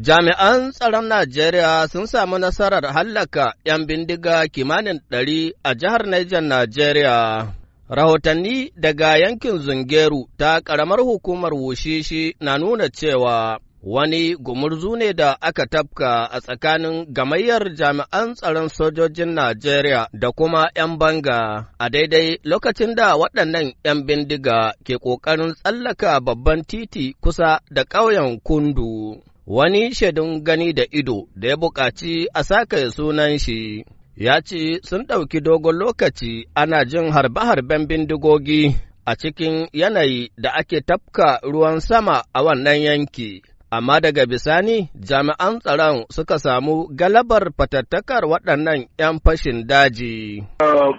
Jami'an tsaron Najeriya sun samu nasarar hallaka ‘yan bindiga kimanin ɗari a jihar Niger Najeriya. Rahotanni daga yankin Zungeru ta ƙaramar hukumar Wushishi na nuna cewa wani gumurzu ne da aka tafka a tsakanin gamayyar jami'an tsaron sojojin Najeriya da kuma ‘yan banga a daidai lokacin da waɗannan ‘yan bindiga ke ƙoƙarin tsallaka babban titi kusa da ƙauyen Kundu. wani shaidun gani da ido da ya buƙaci a saka sunan shi ya ce sun ɗauki dogon lokaci ana jin harbe-harben bindigogi a cikin yanayi da ake tafka ruwan sama a wannan yanki. Amma daga bisani jami'an tsaron suka samu galabar fatattakar waɗannan ‘yan fashin daji. Uh,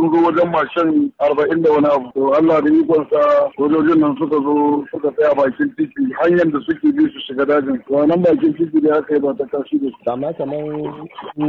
sun zo wajen mashin arba'in da wani abu to Allah da ikonsa sojojin nan suka zo suka tsaya bakin titi hanyar da suke bi su shiga dajin nan bakin titi da aka yi ba ta kashi da su amma kamar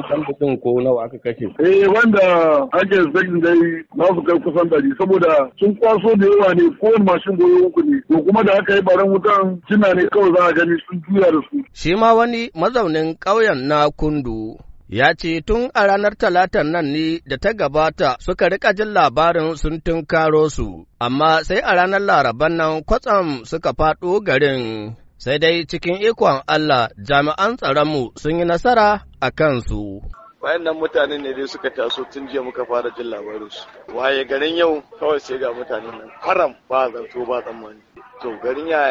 san bukin ko nawa aka kashe eh wanda ake zakin dai na su kai kusan dari saboda sun kwaso da yawa ne kowane mashin goyo uku ne to kuma da aka yi baran wutan kina ne kawai za a gani sun juya da su shi ma wani mazaunin ƙauyen na kundu ya ce tun a ranar talatan nan ne da ta gabata suka rika jin labarin sun tunkaro su, amma sai a ranar laraban nan kwatsam suka faɗo garin. Sai dai cikin ikon Allah jami'an tsaronmu sun yi nasara a kansu. wayannan mutane ne dai suka taso tun jiya muka fara jin labarinsu waye garin yau kawai sai ga mutanen nan haram ba zanto ba tsammani to garin ya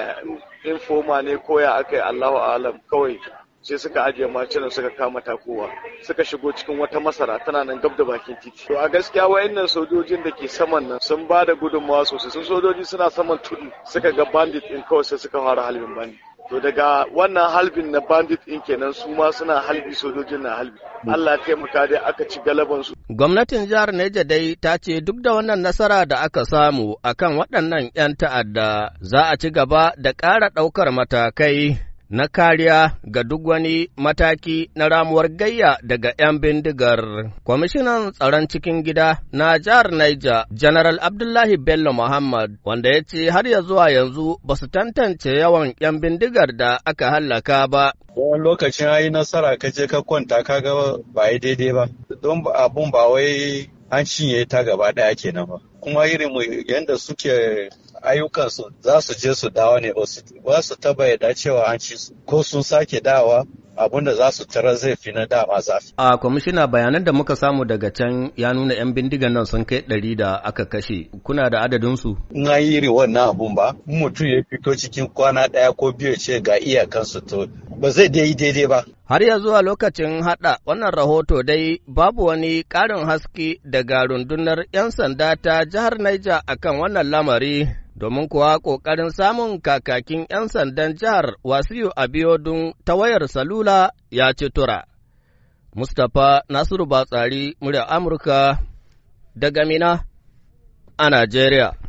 informa ne koya aka yi allahu alam kawai sai suka ajiye macinan suka kama takowa suka shigo cikin wata masara tana nan gab da bakin titi to a gaskiya wayannan sojojin da ke saman nan sun ba da gudunmawa sosai sun sojoji suna saman tudu suka ga bandit in kawai sai suka fara halbin bandit to daga wannan halbin na bandit in kenan su ma suna halbi sojojin na halbi Allah taimaka dai aka ci galaban su gwamnatin jihar Neja dai ta ce duk da wannan nasara da aka samu akan waɗannan 'yan ta'adda za a ci gaba da ƙara ɗaukar matakai na kariya ga duk wani mataki na ramuwar gayya daga 'yan bindigar. Kwamishinan tsaron cikin gida na jihar Niger, General Abdullahi Bello Muhammad, wanda ya ce har ya zuwa yanzu ba su tantance yawan 'yan bindigar da aka hallaka ba. Wani lokacin ayi nasara ka je ka kwanta ka ga ba daidai ba, don abun ba wai an cinye ta gaba ɗaya kenan ba. Kuma irin yadda suke ayyukansu za su je su dawo ne ba su taba yadda cewa an ci ko sun sake dawa abin da za su tara zai fi na dama zafi. A kwamishina bayanan da muka samu daga can ya nuna 'yan bindigan nan sun kai ɗari da aka kashe. Kuna da adadin su? In an yi wannan abun ba, mutum ya fito cikin kwana ɗaya ko biyu ce ga iyakansu to ba zai dai daidai ba. Har ya zuwa lokacin haɗa wannan rahoto dai babu wani ƙarin haske daga rundunar 'yan sanda ta jihar Niger akan wannan lamari domin kuwa ƙoƙarin samun kakakin ‘yan sandan jihar Wasiyu Abiodun ta wayar salula ya ci tura. Mustapha Nasiru Batsari, murya Amurka, daga Mina a Najeriya.